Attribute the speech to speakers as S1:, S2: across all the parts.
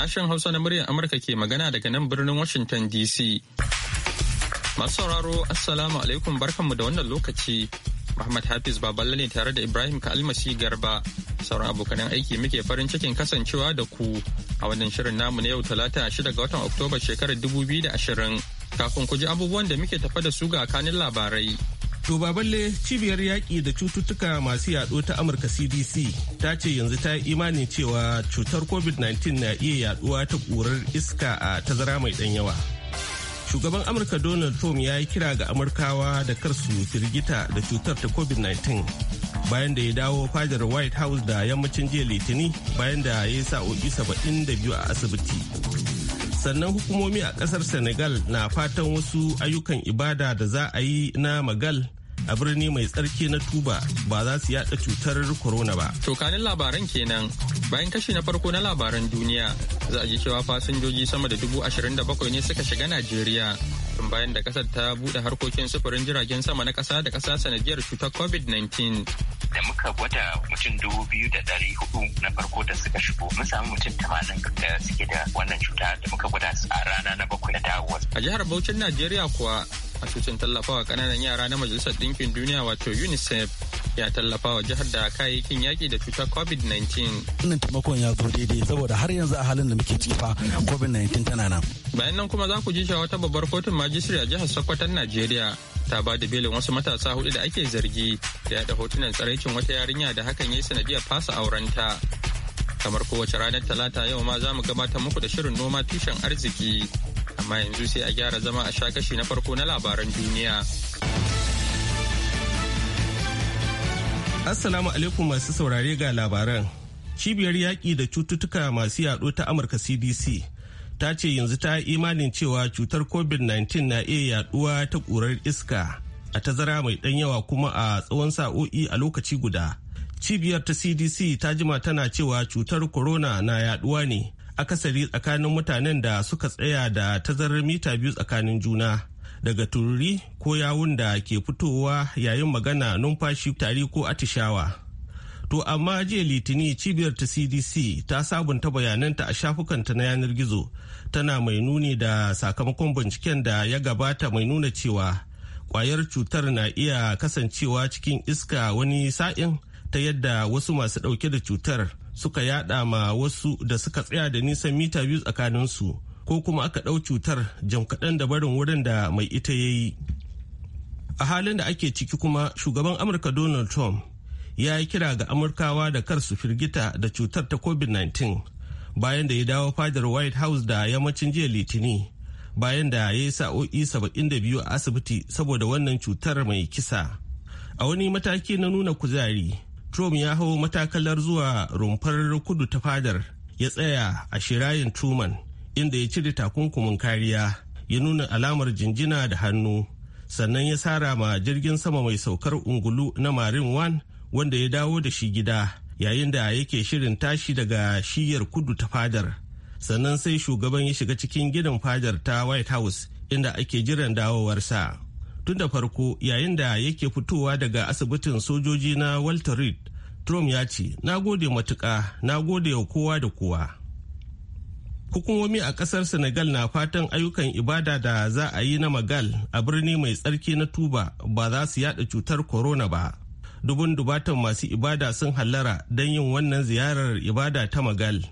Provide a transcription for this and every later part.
S1: Sashen Hausa na muryar Amurka ke magana daga nan birnin Washington DC. Masu sauraro, Assalamu alaikum barkanmu da wannan lokaci. Muhammad Hafiz Baballe ne tare da Ibrahim Kalmasi Garba. Sauran abokanan aiki muke farin cikin kasancewa da ku a wannan shirin namu na yau talata shida ga watan Oktoba shekarar 2020. Kafin ku ji abubuwan da muke tafa da su ga kanin labarai.
S2: To baballe cibiyar yaƙi da cututtuka masu yaɗo ta Amurka CDC ta ce yanzu ta yi imanin cewa cutar COVID-19 na iya yaɗuwa ta ƙurar iska a tazara mai ɗan yawa. Shugaban Amurka Donald Trump ya yi kira ga Amurkawa da kar su firgita da cutar ta COVID-19 bayan da ya dawo fadar white house da yammacin jiya litini bayan da ya yi sa'o'i 72 a asibiti sannan hukumomi a kasar senegal na fatan wasu ayyukan ibada da za a yi na magal a birni mai tsarki na tuba ba za su yada cutar corona ba
S1: tokanin labaran kenan bayan kashi na farko na labaran duniya za a ji cewa fasinjoji sama da dubu ashirin da bakwai ne suka shiga najeriya kafin bayan da kasar ta bude harkokin sufurin jiragen sama na kasa da kasa sanadiyar cutar covid-19
S3: da muka gwada mutum dubu biyu da dari hudu na farko da suka shigo mun samu mutum tamanin da suke da wannan cuta da muka gwada a rana na bakwai na dawowa.
S1: a jihar Bauchin Najeriya kuwa A asusun tallafawa kananan yara na majalisar ɗinkin duniya wato unicef ya tallafawa jihar da kayayyakin yaki da cutar covid-19
S4: nan taimakon ya zo daidai saboda har yanzu a halin da muke cifa covid-19 tana nan
S1: bayan nan kuma za ku ji wata babbar kotun majistri a jihar sokoton najeriya ta ba da belin wasu matasa hudu da ake zargi da yada hotunan tsaraicin wata yarinya da hakan ya yi sanadiyar fasa aurenta kamar kowace ranar talata yau ma za mu gabatar muku da shirin noma tushen arziki amma yanzu sai a gyara zama a sha na farko na labaran duniya.
S2: Assalamu alaikum masu saurare ga labaran. Cibiyar yaƙi da cututtuka masu yaɗo ta Amurka CDC ta ce yanzu ta imanin cewa cutar COVID-19 na iya yaɗuwa ta ƙurar iska a tazara mai ɗan yawa kuma a tsawon sa'o'i a lokaci guda. Cibiyar ta CDC ta jima tana cewa cutar corona na yaɗuwa ne akasari tsakanin mutanen da suka tsaya da tazarar mita biyu tsakanin juna daga tururi ko yawun da ke fitowa yayin magana numfashi tari ko atishawa to amma jiya litini cibiyar ta cdc ta sabunta bayananta a shafukanta na yanar gizo tana mai nuni da sakamakon binciken da ya gabata mai nuna cewa kwayar cutar na iya kasancewa cikin iska wani sa'in ta yadda wasu masu dauke da cutar suka yada ma wasu da suka tsaya da nisan mita biyu tsakanin su. ko kuma aka ɗau cutar jam kaɗan da barin wurin da mai ita ya yi a halin da ake ciki kuma shugaban amurka donald trump ya yi kira ga amurkawa da kar su firgita da cutar ta covid-19 bayan da ya dawo fadar white house da yammacin jiya litini bayan da ya yi sa'o'i 72 a asibiti saboda wannan cutar mai kisa a wani mataki na nuna kuzari Trump ya hau matakalar zuwa rumfar kudu ta fadar ya tsaya a shirayin Truman inda ya cire takunkumin kariya ya nuna alamar jinjina da hannu sannan ya sara ma jirgin sama mai saukar ungulu na Marine wan wanda ya dawo da shi gida yayin da yake shirin tashi daga shiyar kudu ta fadar sannan sai shugaban ya shiga cikin gidan fadar ta White House inda ake jiran dawowarsa. tun da farko yayin da yake fitowa daga asibitin sojoji na walter reed trump ya ce na gode matuƙa na gode wa kowa da kowa hukumomi a ƙasar senegal na fatan ayyukan ibada da za a yi na magal a birni mai tsarki na tuba ba za su yada cutar corona ba dubun dubatan masu ibada sun hallara don yin wannan ziyarar ibada ta magal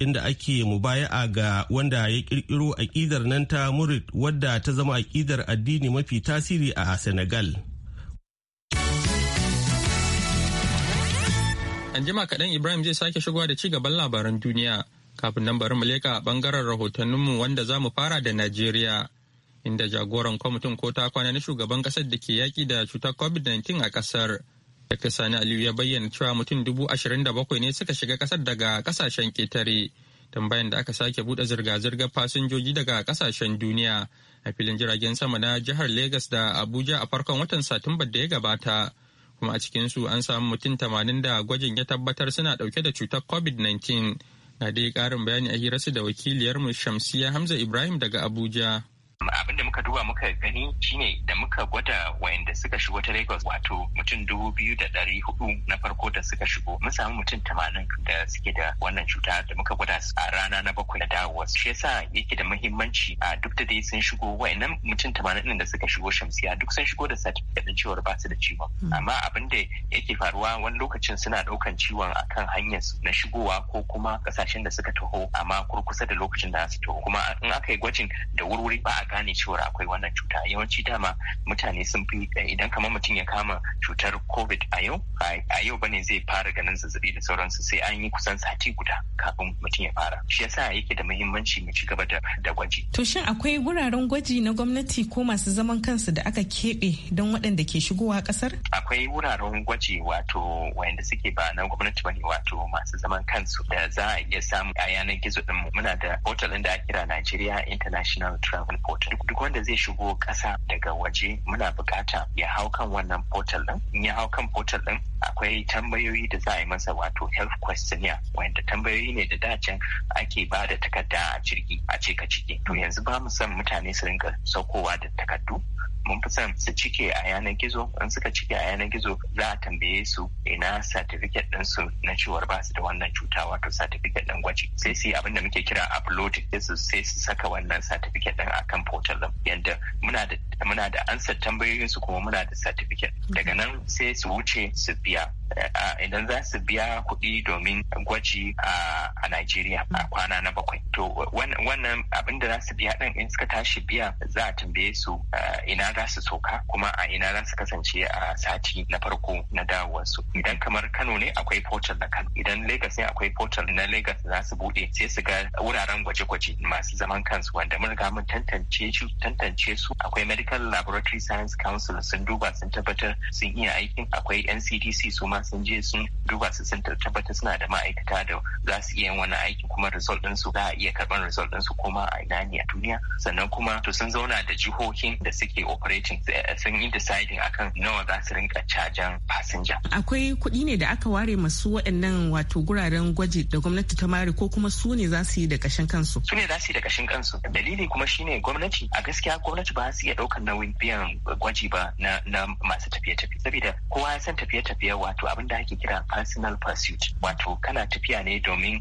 S2: inda ake mubaya'a ga wanda ya kirkiro aƙidar nan ta murid wadda ta zama aƙidar
S1: addini mafi tasiri a senegal an jima kaɗan ibrahim zai sake shigowa da ci gaban labaran duniya kafin nan bari mu leka a ɓangaren rahotanninmu wanda za mu fara da najeriya inda jagoran kwamitin ko ta kwana na shugaban ƙasar da ke yaƙi da cutar covid-19 a ƙasar Dr. Sani Aliyu ya bayyana cewa mutum dubu ashirin da bakwai ne suka shiga kasar daga kasashen ketare. Tambayan da aka sake buɗe zirga-zirgar fasinjoji daga kasashen duniya a filin jiragen sama na jihar Legas da Abuja a farkon watan Satumbar da ya gabata. Kuma a cikinsu an samu mutum tamanin da gwajin ya tabbatar suna ɗauke da cutar COVID-19. Na dai ƙarin bayani a hirarsu da wakiliyarmu Shamsiya Hamza Ibrahim daga Abuja.
S3: abin da muka duba muka gani shine da muka gwada wayanda suka shigo ta lagos wato mutum dubu biyu da dari hudu na farko da suka shigo mun samu mutum tamanin da suke da wannan cuta da muka gwada a rana na bakwai na dawowa shi yasa yake da muhimmanci a duk da dai sun shigo wayannan mutum tamanin din da suka shigo shamsiya duk sun shigo da certificate din cewar ba da ciwon hmm. amma abin da yake faruwa wani lokacin suna ɗaukan ciwon akan hanyar na shigowa ko kuma ƙasashen da suka taho amma kurkusa da lokacin da su taho kuma in aka yi gwajin da wurwuri ba a gane cewa akwai wannan cuta yawanci dama mutane sun fi eh, idan kamar mutum ya kama cutar covid a yau a yau bane zai fara ganin zazzabi da sauransu sai an yi kusan sati guda kafin mutum ya fara shi yasa yake da muhimmanci mu ci gaba da gwaji
S5: to shin akwai wuraren gwaji na gwamnati ko masu zaman kansu da aka keɓe don waɗanda ke shigowa ƙasar
S3: akwai wuraren gwaji wato wanda suke ba na gwamnati bane wato masu zaman kansu da za a iya samu a yanar gizo din muna da portal din da a kira Nigeria International Travel Portal passport duk wanda zai shigo ƙasa daga waje muna bukata ya hau kan wannan portal din in ya hau kan portal din akwai tambayoyi da za a yi masa wato health questionnaire wanda tambayoyi ne da dacin ake ba da takarda a jirgi a ce ka cike to yanzu ba mu son mutane su rinka saukowa da takardu mun fi son su cike a yanar gizo in suka cike a yanar gizo za a tambaye su ina satifiket din su na cewar ba su da wannan cuta wato satifiket din gwaji sai su yi abin da muke kira upload sai su saka wannan satifiket din akan portal din yanda muna da muna da tambayoyin su kuma muna da satifiket daga nan sai su wuce su biya idan za su biya kuɗi domin gwaji a Najeriya a kwana na bakwai. To wannan abin da za su biya ɗan in suka tashi biya za a tambaye su ina za su soka kuma a ina za su kasance a sati na farko na dawowarsu. Idan kamar Kano ne akwai portal na Kano, idan Lagos ne akwai portal na Lagos za su buɗe sai su ga wuraren gwaje-gwaje masu zaman kansu wanda mun riga mun tantance su tantance su akwai Medical Laboratory Science Council sun duba sun tabbatar sun iya aikin akwai NCDC su ma ma sun je sun duba su sun tabbatar suna da ma'aikata da za su iya yin wani aiki kuma result ɗinsu za a iya karɓar result ɗinsu kuma a ina ne a duniya sannan kuma to sun zauna da jihohin da suke operating eh, sun yi deciding akan nawa za su rinka cajan passenger.
S5: Akwai kuɗi ne da aka ware masu waɗannan wato guraren gwaji da gwamnati ta mare ko kuma su ne za su yi da ƙashin kansu? Su ne za su yi da ƙashin kansu. Dalili kuma
S3: shine gwamnati a gaskiya gwamnati ba su iya ɗaukar nauyin biyan gwaji ba na, masu tafiye-tafiye. Saboda kowa ya san tafiye-tafiye wato abin da ake kira personal pursuit wato kana tafiya ne domin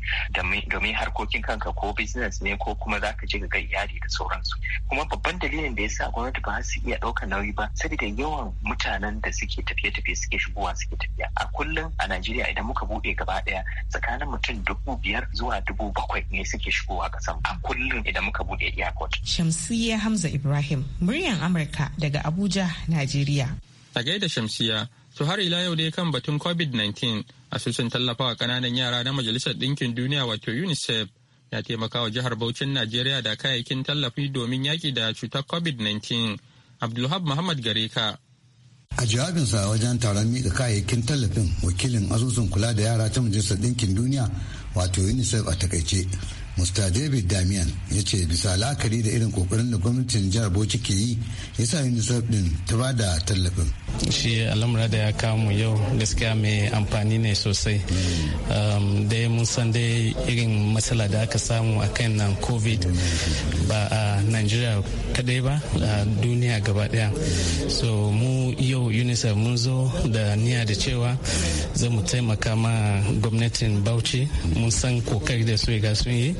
S3: domin harkokin kanka ko business ne ko kuma za ka je ka ga iyali da sauransu kuma babban dalilin da ya sa gwamnati ba su iya ɗaukar nauyi ba saboda yawan mutanen da suke tafiye-tafiye suke shigowa suke tafiya a kullum a Najeriya idan muka buɗe gaba ɗaya tsakanin mutum dubu biyar zuwa dubu bakwai ne suke shigowa ƙasan a kullum idan muka buɗe iyakot.
S5: Shamsiyya Hamza Ibrahim, muryar Amurka daga Abuja, Najeriya.
S1: A gaida Shamsiyya, su har ila yau dai kan batun covid-19 asusun tallafawa kananan yara na majalisar ɗinkin duniya wato unicef ya taimaka wa jihar Bauchin Najeriya da kayayyakin tallafi domin yaki da cutar COVID-19. Abdulhab Muhammad Gareka.
S4: A jawabinsa wajen taron mika kayayyakin tallafin wakilin asusun kula da yara ta Majalisar Ɗinkin Duniya wato UNICEF a takaice Mr. David Damian ya ce bisa la'akari da irin kokarin da gwamnatin jihar Bauchi ke yi ya sa UNICEF din ta ba da tallafin. Shi al'amura da ya kamu yau gaskiya mai amfani ne sosai. Um, dai mun san dai irin matsala da aka samu a kan nan COVID ba a Najeriya kadai ba a duniya gaba daya. So mu yau UNICEF mun zo da niyya da cewa za mu taimaka ma gwamnatin Bauchi mun san kokari da su ga sun yi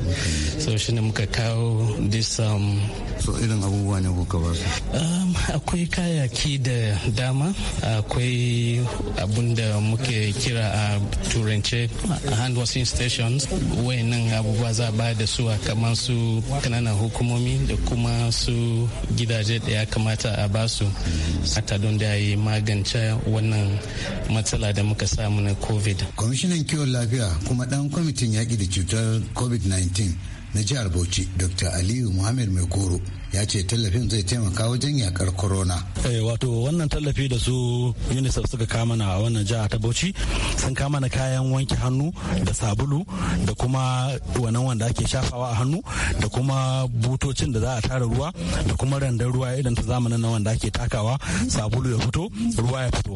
S4: so shi ne muka kawo this um, so irin abubuwa ne kuka ba su um, akwai kayaki da dama akwai abun da muke kira a turance hand washing stations wayannan abubuwa za ba da su a kamar su kananan hukumomi da kuma su gidaje da ya kamata a ba su sata don da yi magance wannan matsala da muka samu na covid kwamishinan kiwon lafiya kuma dan kwamitin yaki da cutar covid-19 2013 na jihar bauchi dr aliyu muhammad mai goro ya ce tallafin zai taimaka wajen yakar corona. Eh, wato wannan tallafi da su unicef suka kama na wannan jiha ta bauchi sun kama na kayan wanke hannu da sabulu da kuma wannan wanda ake shafawa a hannu da kuma butocin da za a tara ruwa da kuma randar ruwa idan ta zamanin na wanda ake takawa sabulu ya fito ruwa ya fito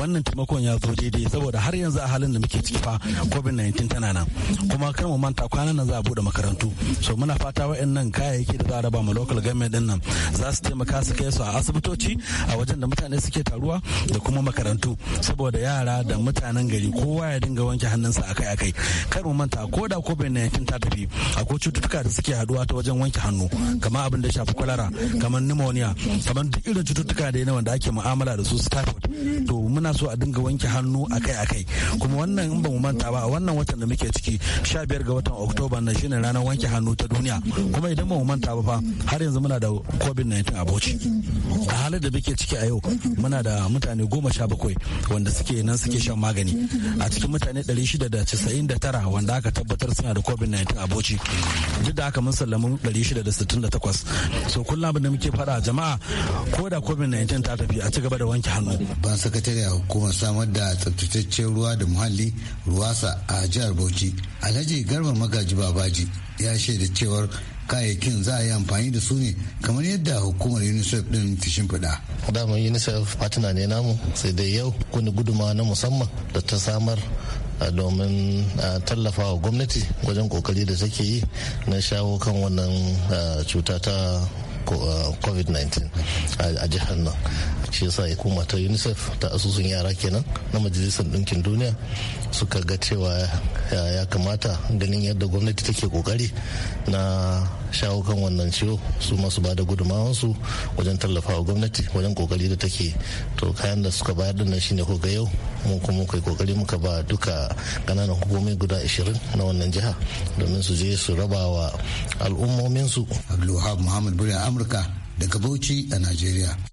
S4: wannan taimakon ya zo daidai saboda har yanzu a halin da muke ciki fa covid-19 tana nan kuma kar mu manta kwanan nan za a bude makarantu so muna fata wa'annan kayayyaki da za a raba ma local government din nan za su taimaka su kai su a asibitoci a wajen da mutane suke taruwa da kuma makarantu saboda yara da mutanen gari kowa ya dinga wanke hannunsa akai akai kar mu manta ko da ko bai yakin ta tafi akwai cututtuka da suke haduwa ta wajen wanke hannu kamar abin da shafi kwalara kamar pneumonia kamar duk irin cututtuka da yana wanda ake mu'amala da su typhoid to muna so a dinga wanke hannu akai akai kuma wannan in ba mu manta ba a wannan watan da muke ciki 15 ga watan oktoba na shine ranar wanke wanke hannu ta duniya kuma idan ba mu manta ba fa har yanzu muna da covid-19 a bauchi a halin da muke ciki a yau muna da mutane goma sha bakwai wanda suke nan suke shan magani a cikin mutane 699 wanda aka tabbatar suna da covid-19 a bauchi duk da haka mun sallamu 668 so kullum abin da muke fada jama'a ko da covid-19 ta tafi a ci gaba da wanke hannu ban sakatare a hukumar samar da tsabtataccen ruwa da muhalli ruwasa a jihar bauchi alhaji garba magaji babaji ya shaida cewar kayayyakin za a yi amfani da su ne kamar yadda hukumar unicef din ta shimfiɗa. damar unicef fatina ne namu sai dai yau kuni guduma na musamman da ta samar domin tallafa wa gwamnati wajen kokari da take yi
S2: na shawo kan wannan cuta ta covid-19 a jihar nan shi yasa ya koma ta unicef ta asusun yara kenan na majalisar ɗinkin duniya suka ga cewa ya kamata ganin yadda gwamnati take kokari na shawo kan wannan ciwo su masu ba da gudunmawansu wajen tallafa wa gwamnati wajen kokari da take to kayan da suka bayar da shi ne ga yau mun kuma kai kokari
S4: muka ba duka kananan hukumomi guda ashirin na wannan jiha domin su je su raba wa al'ummominsu abdulwahab muhammad a amurka daga bauchi a najeriya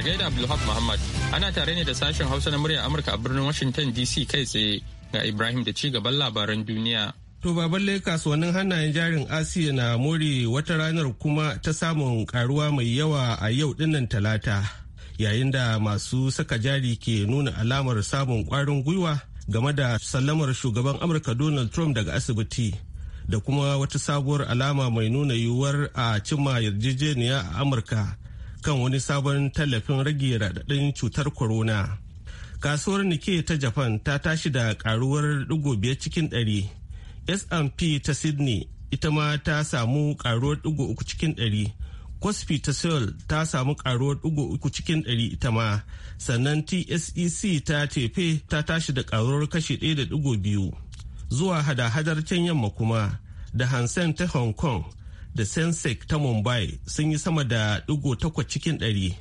S1: A gaida Abdulhaq Muhammad ana tare ne da sashen Hausa na murya Amurka a birnin Washington DC kai tsaye ga Ibrahim da ci gaban labaran duniya.
S2: To ba balle kasuwannin hannayen jarin Asiya na more wata ranar kuma ta samun karuwa mai yawa a yau dinnan talata yayin da masu saka jari ke nuna alamar samun kwarin gwiwa game da sallamar shugaban Amurka Donald Trump daga asibiti da kuma wata sabuwar alama mai nuna yiwuwar a cimma yarjejeniya a Amurka kan wani sabon tallafin rage raɗaɗin cutar corona. Kasuwar Nike ta Japan ta tashi da karuwar digo biyar cikin ɗari. S&P ta Sydney ita ma ta samu karuwar digo uku cikin ɗari. Kospi ta Seoul ta samu karuwar digo uku cikin ɗari ita ma. Sannan TSEC ta Tefe ta tashi da karuwar kashi ɗaya da digo biyu. Zuwa hada-hadar can yamma kuma da Hansen ta Hong Kong da Sensex ta Mumbai sun yi sama da digo takwas cikin ɗari.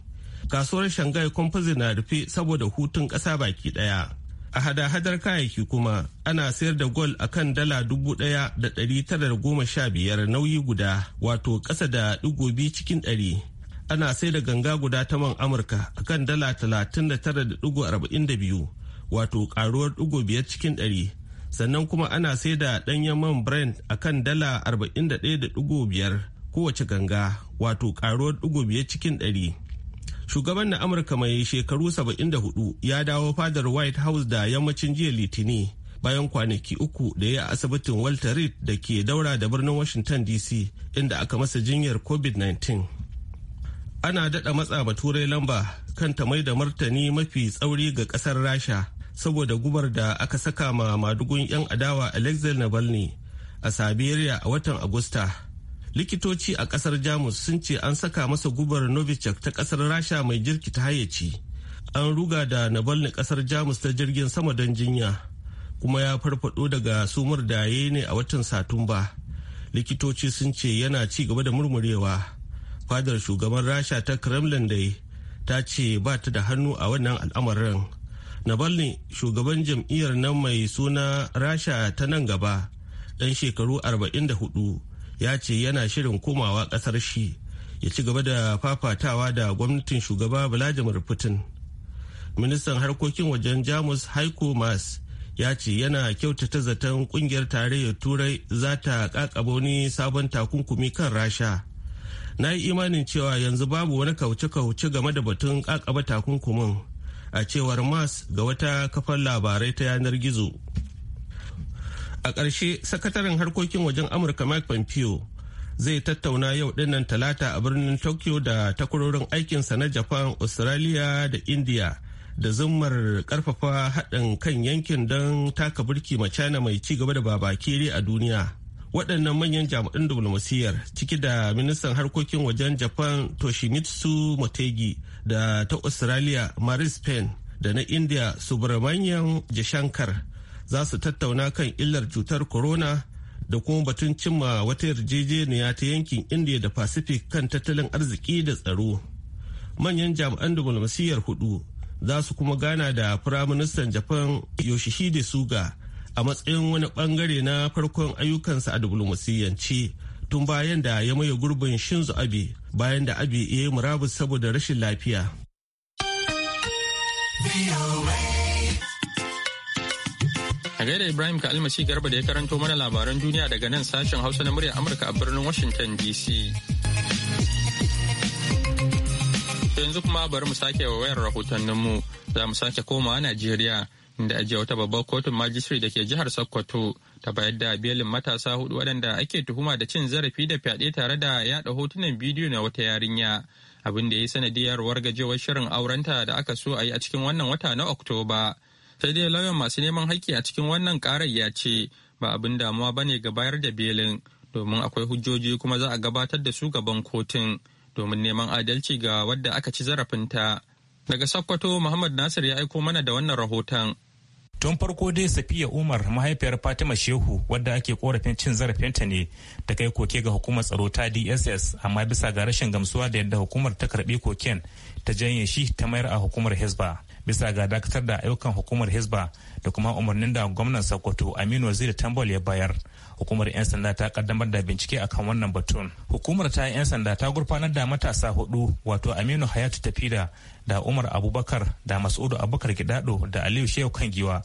S2: Kasuwar Shanghai Composite na rufe saboda hutun ƙasa baki ɗaya. A hada-hadar kayayyaki kuma ana sayar da gwal a kan dala dubu ɗaya da ɗari tara da goma sha biyar nauyi guda wato ƙasa da digo biyu cikin ɗari. Ana sai da ganga guda ta man Amurka a kan dala talatin da tara da digo arba'in da biyu wato ƙaruwar digo biyar cikin ɗari. sannan kuma ana sai da ɗanyen man brand a kan dala 41.5 kowace ganga wato karuwar ɗigo biyar cikin ɗari. Shugaban na Amurka mai shekaru 74 ya dawo fadar White House da yammacin jiya Litini bayan kwanaki uku da ya asibitin Walter Reed da ke daura da birnin Washington DC inda aka masa jinyar COVID-19. Ana daɗa matsa turai lamba kan ta mai da martani mafi tsauri ga ƙasar Rasha. saboda gubar da aka saka ma madugun 'yan adawa alexei navalny a siberia a watan agusta likitoci a kasar jamus sun ce an saka masa gubar novichok ta kasar rasha mai ta hayyaci an ruga da navalny kasar jamus ta jirgin sama don jinya kuma ya farfado daga sumar da ya ne a watan satumba likitoci sun ce yana ci gaba da murmurewa fadar shugaban rasha ta kremlin dai ta ce ba ta da hannu a wannan al'amarin Navalny shugaban jam'iyyar nan mai suna Rasha ta nan gaba ɗan shekaru 44 ya ce yana shirin komawa ƙasar shi ya ci gaba da fafatawa da gwamnatin shugaba Vladimir Putin. Ministan harkokin wajen Jamus Heiko mas ya ce yana kyautata zaton kungiyar tarayyar turai za ta kakaba wani sabon takunkumi kan rasha na yi imanin cewa yanzu babu wani kauce-kauce game da batun kakaba takunkumin a cewar mas ga wata kafar labarai ta yanar gizo a ƙarshe sakataren harkokin wajen amurka mike pompeo zai tattauna yau dinnan talata a birnin tokyo da takwarorin aikinsa na japan australia da india da zummar karfafa haɗin kan yankin don taka burki mai ci gaba da babakere a duniya waɗannan manyan jami'an diplomasiyyar ciki da ministan harkokin wajen japan toshimitsu motegi da ta australia maris pen da na india subramanian jashankar za su tattauna kan illar cutar corona da kuma batun cimma wata yarjejeniya ta yankin india da pacific kan tattalin arziki da tsaro manyan jami'an diplomasiyyar hudu za su kuma gana da firaministan japan yoshihide suga a matsayin wani bangare na farkon ayyukansa a diflomasiyyance tun bayan da ya maye gurbin shinzo abi bayan da abi ya yi murabus saboda rashin lafiya
S1: a gaida ibrahim ka almasi garba da ya karanto mana labaran duniya daga nan sashen hausa na murya amurka a birnin washington dc yanzu kuma bari mu sake wa wayar rahotanninmu za mu sake komawa najeriya inda ajiya wata babbar kotun majistri da ke jihar sokoto ta bayar da belin matasa hudu waɗanda ake tuhuma da cin zarafi da fyaɗe tare da yaɗa hotunan bidiyo na wata yarinya abin da ya yi sanadiyar wargajewar shirin aurenta da aka so a yi a cikin wannan wata na oktoba sai dai lauyan masu neman haƙƙi a cikin wannan ƙarar ya ce ba abin damuwa ba ne ga bayar da belin domin akwai hujjoji kuma za a gabatar da su gaban kotun domin neman adalci ga wadda aka ci zarafinta daga sokoto muhammad nasir ya aiko mana da wannan rahoton tun farko dai safiya umar mahaifiyar fatima
S6: shehu wadda ake korafin cin zarafinta ne ta kai koke ga hukumar tsaro ta dss amma bisa ga rashin gamsuwa da yadda hukumar ta karbi koken ta janye shi ta mayar a hukumar hezba bisa ga dakatar da ayyukan hukumar hezba da kuma umarnin da gwamnan sokoto aminu waziri tambol ya bayar hukumar 'yan sanda ta kaddamar da bincike akan wannan batun hukumar ta 'yan sanda ta gurfanar da matasa hudu wato aminu hayatu tafida da umar abubakar da mas'udu abubakar gidado da aliyu shehu kan giwa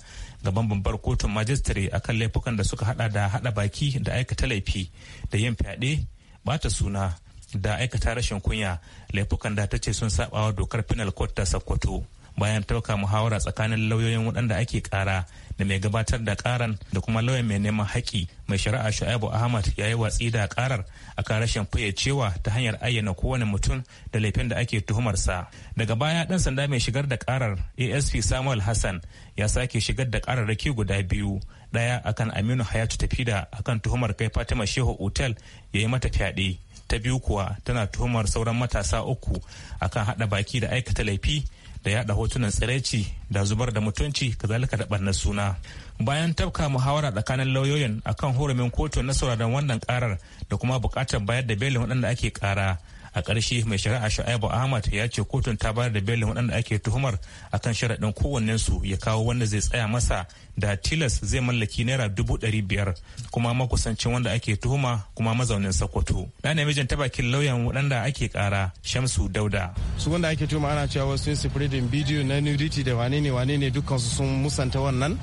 S6: gaban babbar kotun majistare akan laifukan da suka hada da hada baki da aikata laifi da yin fyaɗe bata suna da aikata rashin kunya laifukan da ta ce sun sabawa dokar penal court ta sokoto bayan tauka muhawara tsakanin lauyoyin waɗanda ake ƙara da mai gabatar da ƙaran da kuma lauyan mai neman haƙƙi mai shari'a shu'aibu ahmad ya yi watsi da ƙarar a kan rashin fayyacewa ta hanyar ayyana kowane mutum da laifin da ake tuhumarsa daga baya ɗan sanda mai shigar da ƙarar asp samuel hassan ya sake shigar da ƙararraki guda biyu ɗaya akan aminu hayatu tafida akan tuhumar kai fatima shehu otel ya yi mata fyaɗe ta biyu kuwa tana tuhumar sauran matasa uku akan haɗa baki da aikata laifi da yada hotunan tsiraici da zubar da mutunci kazalika da barnar suna bayan tafka muhawara tsakanin lauyoyin akan hurumin kotu na sauraron wannan karar da kuma bukatar bayar da belin waɗanda ake kara a ƙarshe mai shari'a sha'ibu ahmad ya ce kotun ta bayar da belin waɗanda ake tuhumar akan sharaɗin kowannensu ya kawo wanda zai tsaya masa da tilas zai mallaki naira dubu ɗari biyar kuma makusancin wanda ake tuhuma kuma mazaunin sokoto na namijin ta bakin lauyan waɗanda ake ƙara shamsu dauda
S4: su wanda ake tuhuma ana cewa sun sifiridin bidiyo na nudity da wane ne wane ne dukkansu sun musanta wannan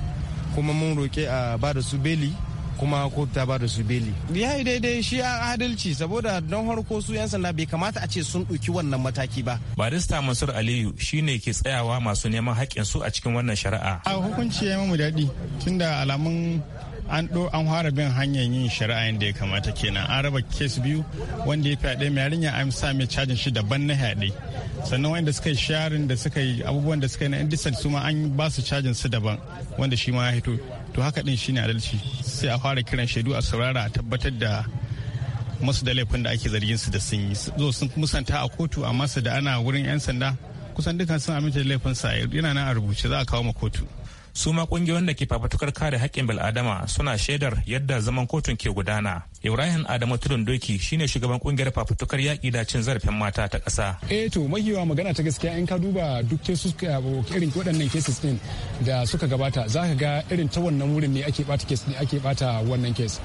S4: kuma mun roƙe a ba da su beli kuma kotu ta ba da su beli ya yi daidai shi a adalci saboda don harko su yan sanda bai kamata a ce sun ɗauki wannan mataki ba
S6: barista mansur aliyu shine ke tsayawa masu neman haƙƙin su a cikin wannan shari'a
S2: a hukunci ya mamu daɗi tunda alamun an ɗo an fara bin hanyar yin shari'a yadda ya kamata kenan an raba kes biyu wanda ya fi mai yarinya an sa mai cajin shi daban na haɗe sannan wanda suka yi sharin da suka yi abubuwan da suka yi na indisal su an ba su cajin su daban wanda shi ma ya hito to haka din shine adalci sai a fara kiran shaidu a saurara a tabbatar da masu da laifin da ake zargin su da sun yi zo sun musanta a kotu amma su da ana wurin 'yan sanda kusan dukkan sun aminta da laifin sa yana
S6: nan a rubuce za a kawo ma kotu su ma kungiyoyin da ke fafatukar kare haƙƙin bil'adama suna shaidar yadda zaman kotun ke gudana ibrahim adamu tudun doki shine shugaban kungiyar fafatukar yaƙi da cin zarafin mata ta ƙasa
S7: eh to mahiwa magana ta gaskiya in ka duba duk kesu eh, irin waɗannan cases ɗin da suka gabata za ka ga irin ta wannan wurin ne ake bata kes ne ake bata wannan kes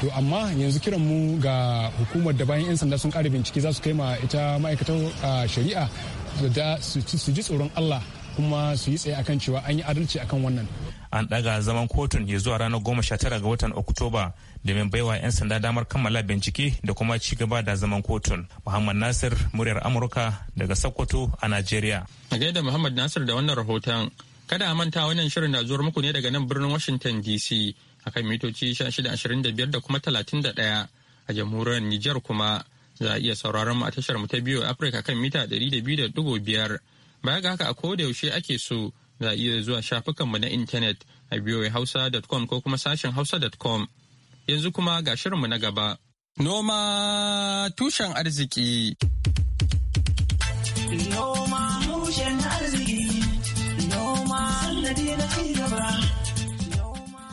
S7: to amma yanzu kiran mu ga hukumar da bayan 'yan sanda sun kare bincike za su kai ma ita ma'aikatar ah, shari'a da su ji tsoron allah kuma su yi tsaye akan cewa an yi adalci akan wannan
S6: an ɗaga zaman kotun ya zuwa ranar goma sha tara ga watan oktoba domin baiwa 'yan sanda damar kammala bincike da kuma ci gaba da zaman kotun
S1: muhammad nasir muryar amurka daga sokoto a nigeria. a gaida muhammad nasir da wannan rahoton kada a manta wannan shirin na zuwar muku ne daga nan birnin washington dc kan mitoci 1625 da kuma 31 a jamhuriyar niger kuma za a iya sauraron mu a tashar mu ta biyu afirka kan mita 200.5 Baya ga haka a koda yaushe ake so za a iya zuwa shafukanmu na intanet a voahausa.com ko kuma sashen hausa.com. Yanzu kuma ga shirinmu na gaba. Noma tushen arziki.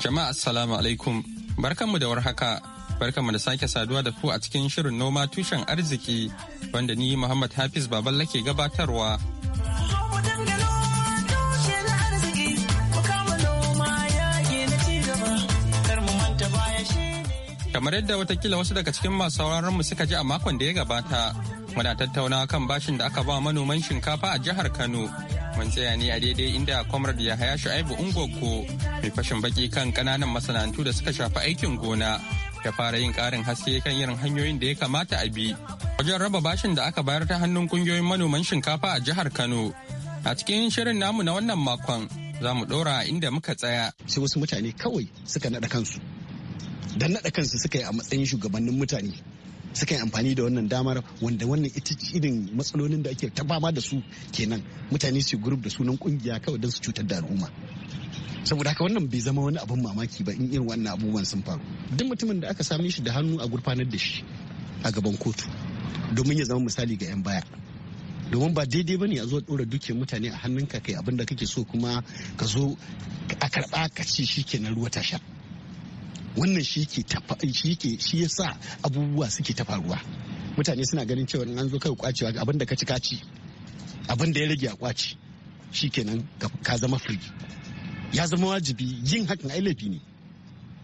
S1: Jama'a assalamu alaikum. Barkanmu da warhaka. Barkanmu da sake saduwa da ku a cikin shirin noma tushen arziki wanda ni Muhammad Hafiz Baballa ke gabatarwa. kamar yadda watakila wasu daga cikin masu sauraron mu suka ji a makon da ya gabata muna tattauna kan bashin da aka ba manoman shinkafa a jihar kano mun tsaya ne a daidai inda comrade ya haya shu'aibu ungogo mai fashin baki kan kananan masana'antu da suka shafi aikin gona ya fara yin karin haske kan irin hanyoyin da ya kamata a bi wajen raba bashin da aka bayar ta hannun kungiyoyin manoman shinkafa a jihar Kano. A cikin shirin namu na wannan makon za mu ɗora inda muka tsaya.
S7: Sai wasu mutane kawai suka naɗa kansu. Dan naɗa kansu suka yi a matsayin shugabannin mutane. Suka yi amfani da wannan damar wanda wannan ita irin matsalolin da ake ta fama da su kenan mutane su gurub da sunan kungiya kawai don su cutar da al'umma. saboda haka wannan bai zama wani abin mamaki ba in irin wannan abubuwan sun faru duk mutumin da aka same shi da hannu a gurfanar da shi a gaban kotu domin ya zama misali ga 'yan baya domin ba daidai ba ne a zo dora duke mutane a hannunka kai abin da kake so kuma ka zo a karba ka ce shi ke ruwa ta sha wannan shi ke shi ya sa abubuwa suke ta faruwa mutane suna ganin cewa an zo kai kwacewa abin da ka ci kaci abin ya rage a kwaci shi ke nan ka zama free ya zama wajibi yin hakan ailafi ne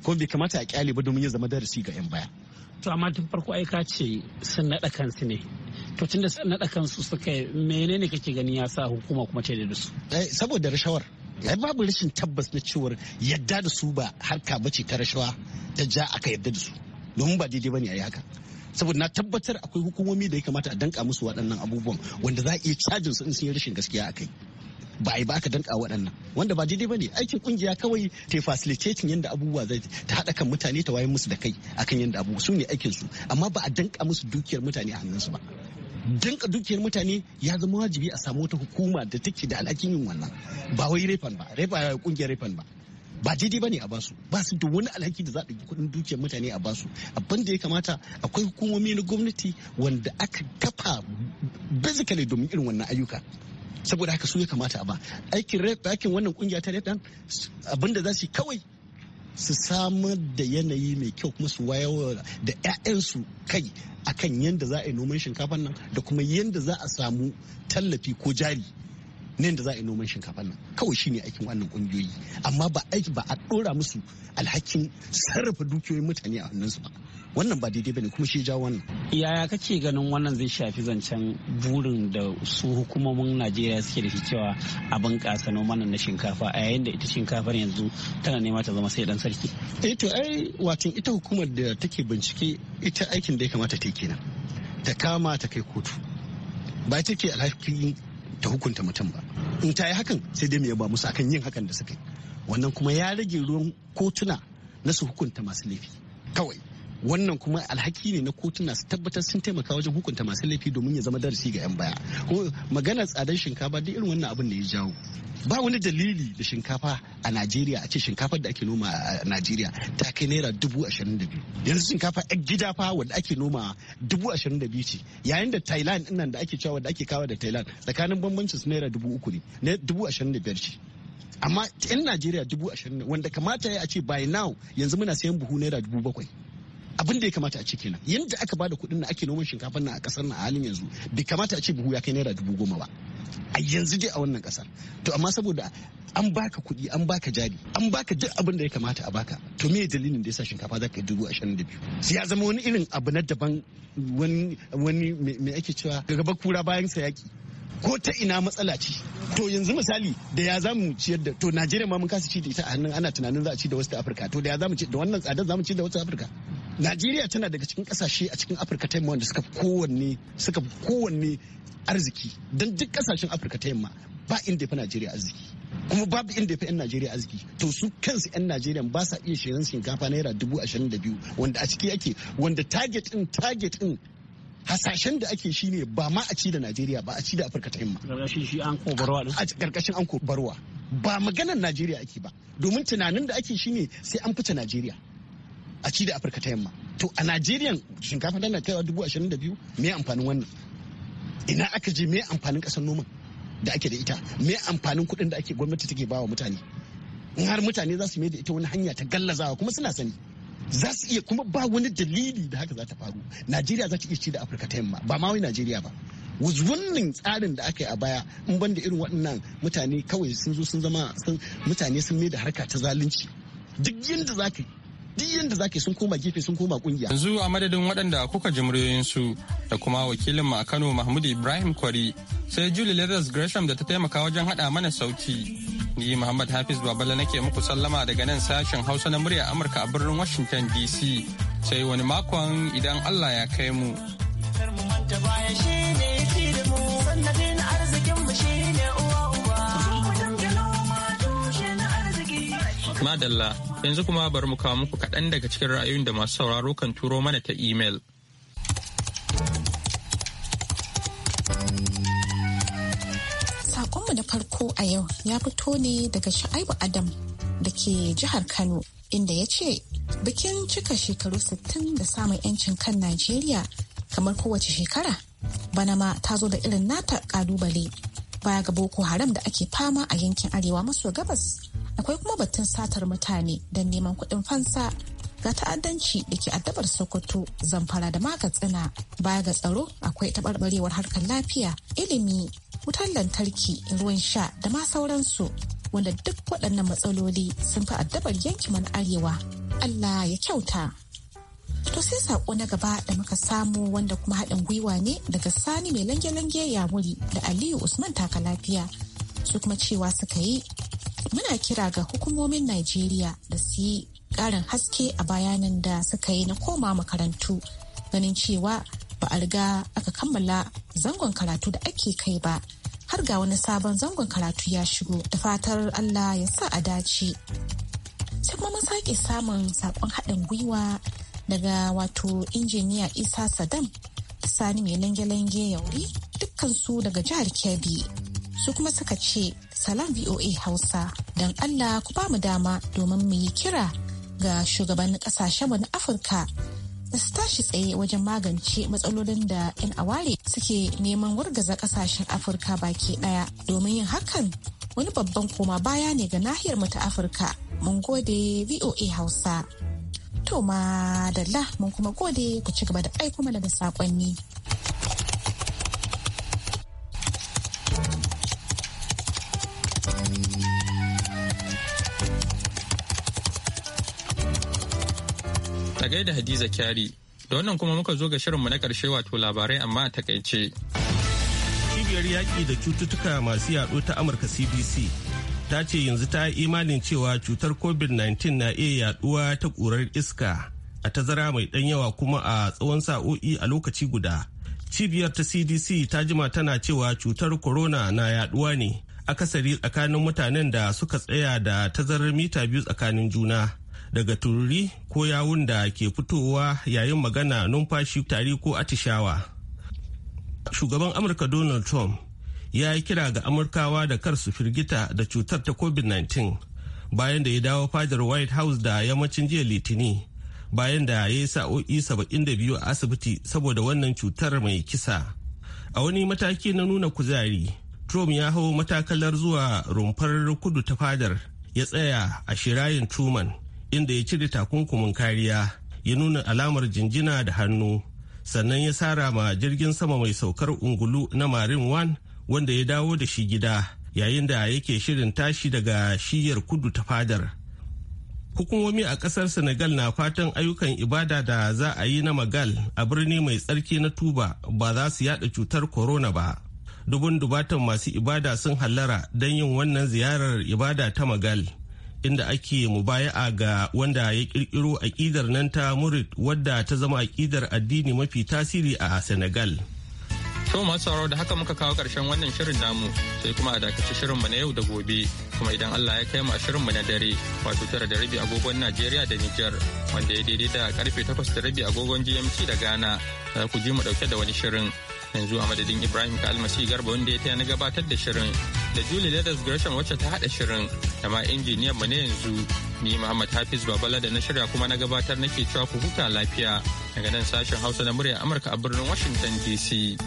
S7: kuma bai kamata a kyale ba domin ya zama darasi ga 'yan baya to amma tun farko ai ka ce sun naɗa kansu ne to tun da naɗa kansu suka yi menene kake gani ya sa hukuma kuma ce da su eh, saboda rashawar ai babu rashin tabbas na cewar yadda da su ba harka ce ta rashawa ta ja aka yadda da su domin ba daidai bane yi haka saboda na tabbatar akwai hukumomi da ya kamata a danka musu waɗannan abubuwan wanda za a iya cajin su in sun yi rashin gaskiya a kai ba a yi ba aka danka waɗannan wanda ba daidai ne aikin kungiya kawai ta facilitating yadda abubuwa zai ta haɗa kan mutane ta waye musu da kai akan yadda abubuwa su ne aikin su amma ba a danka musu dukiyar mutane a hannunsu ba danka dukiyar mutane ya zama wajibi a samu wata hukuma da take da alhakin yin wannan ba wai refan ba refa kungiyar eh, refan ba ba daidai ne a basu ba su da wani alhaki da za a kuɗin dukiyar mutane a basu abin da ya kamata akwai hukumomi na gwamnati wanda aka kafa basically domin irin wannan ayyuka saboda haka su ya kamata a ba aikin aikin wannan kungiya ta redan abinda za su kawai su samar da yanayi mai kyau kuma su wayar da 'ya'yansu kai akan yadda za a yi noman shinkafa nan da kuma yanda za a samu tallafi ko jari ne da za a yi noman shinkafa nan kawai shi ne aikin wannan kungiyoyi amma ba aiki ba a dora musu alhakin sarrafa dukiyoyin mutane a hannunsu ba wannan ba daidai bane kuma shi jawo wannan yaya kake ganin wannan zai shafi zancen burin da su hukumomin Najeriya suke da shi cewa a bunƙasa noman na shinkafa a yayin da ita shinkafar yanzu tana nema ta zama sai dan sarki eh to ai wato ita hukumar da take bincike ita aikin da ya kamata ta yi kenan ta kama ta kai kotu ba take alhakin ta hukunta mutum ba in ta yi hakan sai dai mu ba musu akan yin hakan da suka yi wannan kuma ya rage ruwan kotuna na su hukunta masu laifi kawai wannan kuma alhaki ne na kotuna su tabbatar sun taimaka wajen hukunta masu laifi domin ya zama darasi ga 'yan baya kuma magana tsadar shinkafa duk irin wannan abin da ya jawo ba wani dalili da shinkafa a najeriya a ce shinkafar da ake noma a najeriya ta kai naira dubu ashirin da biyu yanzu shinkafa yan gida fa wadda ake noma dubu ashirin da biyu ce yayin da thailand nan da ake cewa wadda ake kawo da thailand tsakanin bambancin su naira dubu uku ne dubu ashirin da biyar ce amma 'yan najeriya dubu ashirin wanda kamata ya a ce by now yanzu muna sayan buhu naira dubu bakwai abin da ya kamata a ce kenan yadda aka bada kuɗin na ake noman shinkafa na a ƙasar na halin yanzu bai kamata a ce buhu ya kai naira dubu goma ba a yanzu dai a wannan ƙasar to amma saboda an baka kuɗi an baka jari an baka duk abin da ya kamata a baka to me dalilin da yasa shinkafa za ka yi dubu ashirin da biyu sai ya zama wani irin abu na daban wani wani me ake cewa gaba kura bayan sa yaki ko ta ina matsala ce to yanzu misali da ya zamu ciyar da to Najeriya ma mun kasa ci da ita a hannun ana tunanin za a ci da wasu Afirka to da ya zamu ci da wannan tsadar zamu ci da wasu Afirka najeriya tana daga cikin kasashe a cikin afirka ta yamma wanda suka fi kowanne suka fi kowanne arziki don duk kasashen afirka ta yamma ba inda ya fi najeriya arziki kuma babu inda ya fi 'yan najeriya arziki to su kansu 'yan najeriya ba sa iya shirin shinkafa naira dubu ashirin da biyu wanda a ciki ake wanda target din target din hasashen da ake shi ne ba ma a ci da najeriya ba a ci da afirka ta yamma a karkashin an ko barwa ba maganar najeriya ake ba domin tunanin da ake shi ne sai an fice najeriya a ci da afirka ta yamma to a najeriya shinkafa tana kaiwa dubu ashirin da biyu me amfanin wannan ina aka je me amfanin kasar noman da ake da ita me amfanin kuɗin da ake gwamnati take bawa mutane in har mutane za su mai da ita wani hanya ta gallazawa kuma suna sani za su iya kuma ba wani dalili da haka za ta faru najeriya za ta iya ci da afirka ta yamma ba ma wai najeriya ba wannan tsarin da aka yi a baya in ban da irin waɗannan mutane kawai sun zo sun zama mutane sun mai da harka ta zalunci duk yadda za ka yi. duk yadda zake sun koma gefe sun koma kungiya.
S1: Yanzu a madadin waɗanda kuka ji muryoyinsu da kuma wakilin mu a Kano Mahmud Ibrahim Kwari sai Julie Leathers Gresham da ta taimaka wajen haɗa mana sauti. Ni Muhammad Hafiz Babala nake muku sallama daga nan sashen Hausa na murya Amurka a birnin Washington DC sai wani makon idan Allah ya kai mu Madalla Yanzu kuma bari mu kawo muku kaɗan daga cikin ra'ayoyin da masu sauraro kan turo mana ta imel.
S5: Saƙonmu na farko a yau ya fito ne daga Sha'aibu Adam da ke jihar Kano inda ya ce bikin cika shekaru sittin da samun 'yancin kan Najeriya kamar kowace shekara bana ma ta zo da irin nata ƙalubale, baya ga Boko Haram da ake fama a yankin Arewa maso gabas akwai kuma batun satar mutane don neman kuɗin fansa ga ta'addanci da ke addabar sokoto zamfara da Magatsina. katsina baya ga tsaro akwai taɓarɓarewar harkar lafiya ilimi wutar lantarki ruwan sha da ma sauransu wanda duk waɗannan matsaloli sun fi addabar yanki mana arewa allah ya kyauta To sai saƙo na gaba da muka samu wanda kuma haɗin gwiwa ne daga Sani mai lange-lange ya wuri da Aliyu Usman taka lafiya su kuma cewa suka yi muna kira ga hukumomin najeriya da su yi karin haske a bayanin da suka yi na koma makarantu ganin cewa ba a riga aka kammala zangon karatu da ake kai ba har ga wani sabon zangon karatu ya shigo da fatar allah ya sa a dace sai kuma mun sake samun sakon haɗin gwiwa daga wato injiniya isa saddam sani mai lange-lange yauri dukkansu daga jihar kebbi su kuma suka ce salam voa hausa don allah ku ba mu dama domin mu yi kira ga shugabannin kasashenmu na afirka da su tashi tsaye wajen magance matsalolin da 'yan aware suke neman wargaza kasashen afirka baki daya domin yin hakan wani babban koma baya ne ga nahiyar mu ta afirka mun gode voa hausa to ma mun kuma gode ku ci gaba da aiko mana da saƙonni.
S1: gaida Hadiza Kyari. Da wannan kuma muka zo ga shirinmu na ƙarshe wato labarai amma a takaice.
S2: Cibiyar yaƙi da cututtuka masu yaɗo ta Amurka CDC ta ce yanzu ta yi imanin cewa cutar COVID-19 na iya yaɗuwa ta ƙurar iska a tazara mai ɗan yawa kuma a tsawon sa'o'i a lokaci guda. Cibiyar ta CDC ta jima tana cewa cutar corona na yaɗuwa ne akasari tsakanin mutanen da suka tsaya da tazarar mita biyu tsakanin juna. daga tururi ko yawun da ke fitowa yayin magana numfashi tari ko atishawa shugaban amurka donald trump ya yi kira ga amurkawa da kar su firgita da cutar ta covid-19 bayan da ya dawo fadar white house da yammacin jiya litini bayan da ya yi sa'o'i 72 a asibiti saboda wannan cutar mai kisa a wani mataki na nuna kuzari trump ya hau matakalar zuwa rumfar kudu ta fadar ya tsaya a shirayin truman inda ya cire takunkumin kariya ya nuna alamar jinjina da hannu sannan ya sara ma jirgin sama mai saukar ungulu na marin wan wanda ya dawo da shi gida yayin da yake shirin tashi daga shiyar kudu ta fadar hukumomi a kasar senegal na fatan ayyukan ibada da za a yi na magal a birni mai tsarki na tuba ba za su yada cutar corona ba dubun dubatan masu ibada sun hallara don yin wannan ziyarar ibada ta magal inda ake mu mubaya'a ga wanda ya kirkiro aƙidar nan ta murid wadda ta zama aƙidar addini mafi tasiri a senegal
S1: To masu sauraro da haka muka kawo ƙarshen wannan shirin namu sai kuma a dakaci shirinmu na yau da gobe kuma idan Allah ya kai mu a shirinmu na dare wato tara da rabi agogon Najeriya da Niger wanda ya daidai da karfe takwas da rabi agogon GMT da Ghana za ku ji mu dauke da wani shirin yanzu a madadin ibrahim kalmasi garba wanda ya taya na gabatar da shirin da julie ladas gresham wacce ta haɗa shirin da ma injiniyan mu ne yanzu ni muhammad hafiz babala da na shirya kuma na gabatar nake cewa ku huta lafiya daga nan sashen hausa na murya amurka a birnin washington dc